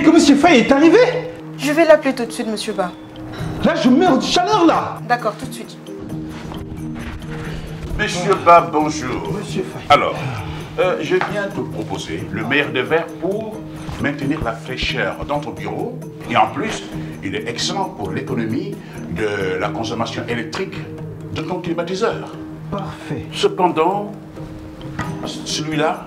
et que Monsieur Fay est arrivé Je vais l'appeler tout de suite, Monsieur Ba. Là, je meurs de chaleur, là D'accord, tout de suite. Monsieur Ba, bonjour. Monsieur Fay. Alors, euh, je viens te proposer le meilleur des verres pour maintenir la fraîcheur dans ton bureau. Et en plus, il est excellent pour l'économie de la consommation électrique de ton climatiseur. Parfait. Cependant, celui-là,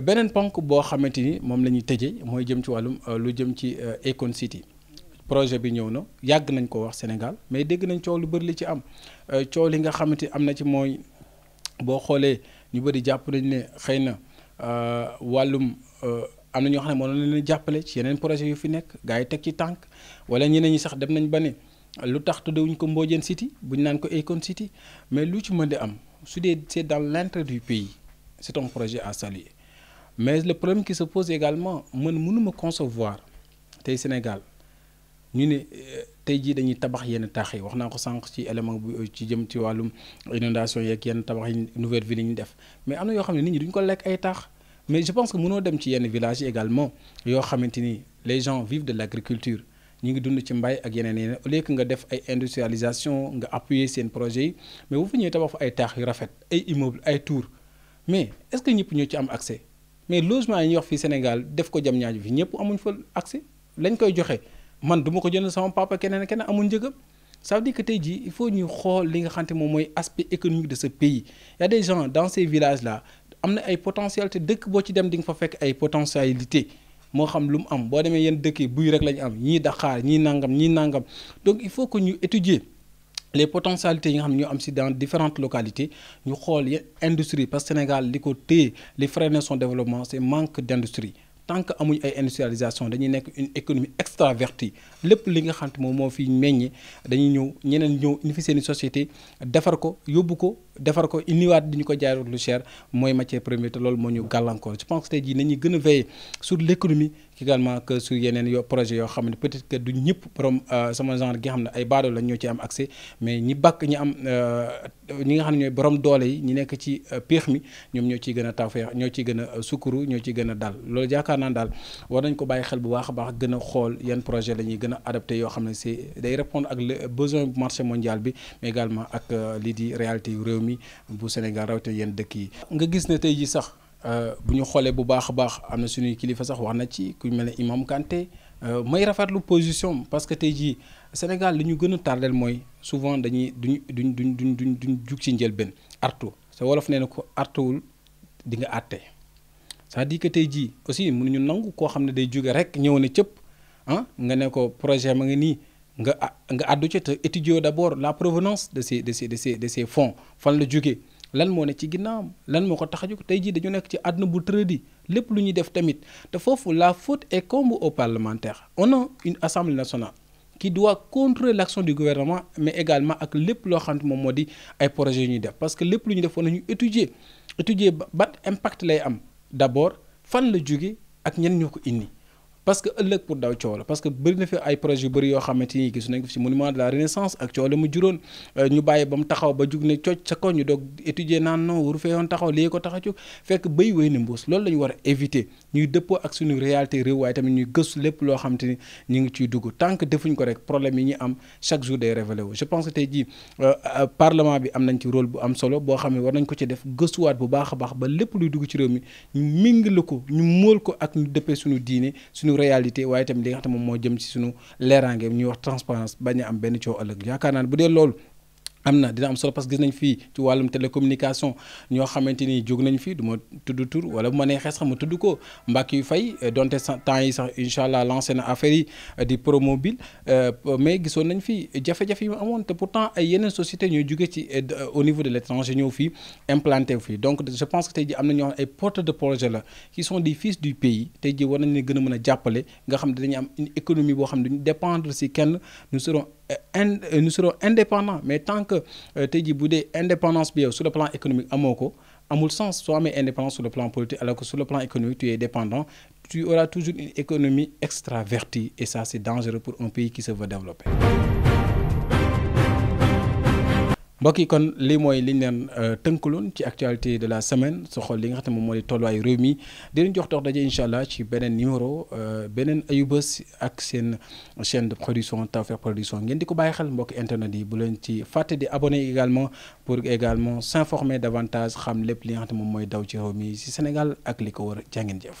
beneen ponk boo xamante ni moom la ñuy tëjee mooy jëm ci wàllum euh, lu jëm ci euh, Akon City projet bi ñëw na yàgg nañ ko wax Sénégal mais dégg nañ coow lu bëri li ci am euh, coow li nga xamante am na ci mooy boo xoolee ñu bëri jàpp nañ ne xëy na wàllum am na ñoo xam ne mënoon leen jàppale ci yeneen projet yu fi nekk gars yi teg ci tànk wala ñeneen ñi sax dem nañ ba ne lu tax tuddewuñ ko Mbodiène City buñ naan ko Akon City mais lu ci mën di am su dee c'est dans l'intérêt du pays c'est un projet à saluer. mais le problème qui se pose également mën mënuma concevoir tey Sénégal ñu ne euh, tey jii dañuy tabax yenn taax yi wax naa ko sànq ci élément bu euh, ci jëm ci wàllum inondation yeeg yenn tabax yi nouvelle ville yi ñu def mais am na yoo xam ne nit ñi duñ ko lekk ay taax mais je pense que mënoo dem ci yenn village yi également yoo xamante ni les gens vivent de l'agriculture ñu ngi dund ci mbay ak yeneen yeneen au lieu nga def ay industrialisation nga appuyer seen projet yi mais bu fa ñëwee tabax fa ay taax yu rafet ay immeuble ay tour mais est-ce que ñëpp ñoo ci am accès mais logement yi ñuy wax fii Sénégal def ko jam ñaaju fi amuñ fa accès lañ koy joxe man du ma ko jënd sama papa keneen keneen amuñ njëgam ça veut dire que tey jii il faut ñuy xool li nga xamante moom mooy aspect économique de ce pays il y a des gens dans am na ay potentialité dëkk boo ci dem di nga fa fekk ay potentialité moo xam lu mu am boo demee yenn dëkk yi buy rek lañu am ñii Dakar ñi nangam ñi nangam donc il faut que ñu étudier. les potentialités yi nga xam ne ñoo am si dans différentes localités ñu xool ya industrie parce que Sénégal li ko téye li freiné son développement c'est manque d'industrie tant que amuñ ay industrialisation dañuy nekk une économie extravertie lépp li nga xam moom moo fi meññee dañuy ñëw ñeneen ñëw fi seen société defar ko yóbbu ko defar ko indiwaat di ñu ko jaarut lu cher mooy matière première te loolu moo ñu gàllankoor je pense que tey jii nañuy gën a veiller sur l' économie également que sur yeneen yoo projet yoo xam ne peut être que du ñëpp borom euh, sama genre gi xam ne ay baadoo lañ ñoo ci am accès mais ñi bàkk ñi am euh, ñi nga xam ne ñooy borom doole yi ñi nekk ci euh, péex mi ñoom ñoo ciy gën a tawfeex ñoo ciy gën a sukkuru ñoo ciy gën a dal yaakaar naa daal war nañ ko bàyyi xel bu baax a baax gën xool yan projet la ñuy gën a adapté yoo xam ne c'est day répondre ak le besoin bu mondial bi mais également ak lii di réalité yu réew mi bu Sénégal rawatina yenn dëkk yi. nga gis ne tey jii sax euh, bu ñu xoolee bu baax a baax am na suñuy kilifa sax wax na ci ku mel ne Imam Kanté euh, may rafetlu position parce que tey jii Sénégal li ñu gën a tardel mooy souvent dañuy duñ duñ duñ duñ duñ duñ jug ci njëlbeen artu sa wolof nee na ko artuwul di nga àtte c'est-à-dire que tey jii aussi mënuñu nangu koo xam ne day jóge rek ñëw ne cëpp ah nga ne ko projet ma ngi nii. nga nga àddu ci te étudier d' abord la provenance de ces de ces de ces de fonds fan la jógee lan moo ne ci ginnaaw lan moo ko tax a jóg tey jii dañu nekk ci àdduna bu tëradi lépp lu ñuy def tamit te foofu la faute et comme aux parlementaires on a une assemblée nationale qui doit contrôler l' action du gouvernement mais également ak lépp loo xam moom moo di ay projets yu ñuy def parce que lépp lu ñuy def war nañu étudier étudier ban impact lay am d' abord fan la jóge ak ñenn ñoo ko indi. parce que ëllëg pour daw coow la parce que bëri na fi ay projet yu bëri yoo xamante ni gis nañ ko ci monument de la renaissance ak coow la mu juróon euh, ñu bàyyi ba mu taxaw ba jug ne cooc sa ko ñu doog étudier naan non waru fee yoon taxaw lii ko tax a jóg fekk béy wéy na mbuus loolu lañu war a éviter ñuy dëppoo ak suñu réalité réew waaye tamit ñuy gëstu lépp loo xam te ni ñu ngi ciy dugg tant que defuñ ko rek problème yi ñu am chaque jour day révélé wu je pense que tey jii euh, euh, parlement bi am nañ ci rôle bu am solo boo xam ne war nañ ko ci def gëstuwaat bu baax a baax ba lépp luy dugg ci réew mi ñu ko ñu mool ko ak ñu dëppee suñu diine suñu réalité waaye tamit li nga xam ne moom moo jëm ci suñu leeraange ñuy wax transparence bañ am benn coow ëllëg yaakaar naa bu dee loolu am na dina am solo parce que gis nañ fii ci wàllum télécommunication ñoo xamante ni jóg nañ fii du ma tudd tur wala bu ma neexee sax ma tudd ko mbàkk yu fay euh, donte temps yi sax incha allah na affaire yi euh, di promobile euh, mais gisoon nañ fii jafe-jafe amoon te pourtant ay yeneen société ñoo jóge ci au niveau de l' étranger ñëw fii implanté wu fii donc je pense que tey ji am na ñoo xam ay porteurs de projet la qui sont des fils du pays tey ji war nañ ne gën a mën a jàppale nga xam ne dañu am une économie boo xam ne duñu dépendre si kenn nous serons ind euh, nous serons indépendants mais tant que euh, tey jii bu dee indépendance bi yow sur le plan économique amoo ko amul sens soo amee indépendance sur le plan politique alors que sur le plan économique tu es dépendant tu la toujours une économie extravertie et ça c'est dangereux pour un pays qui se veut développer mbokk yi kon lii mooy liñ leen euh, tënkaloon ci actualité de la semaine su li nga xam ne moom moo di tolluwaayu réew mi di leen jox dox daje incha allah ci beneen numéro euh, beneen ayubés ak seen chaîne de production Tawfekh Production ngeen di ko bàyyi xel mbokk internet yi bu leen ci fàtte di abonné également pour également s'informer davantage xam lépp li nga xam ne moom mooy daw ci réew mi si Sénégal ak li ko wër jàngeen jëf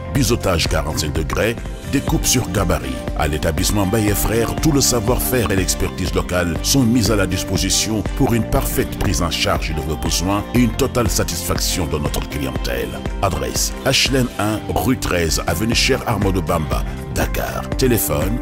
biseautage 45 degrés, découpe sur gabarit. À l'établissement Baye et Frères, tout le savoir-faire et l'expertise locale sont mis à la disposition pour une parfaite prise en charge de vos besoins et une totale satisfaction de notre clientèle. Adresse HLM 1, rue 13, avenue Cheikh Amadou Bamba, Dakar. Téléphone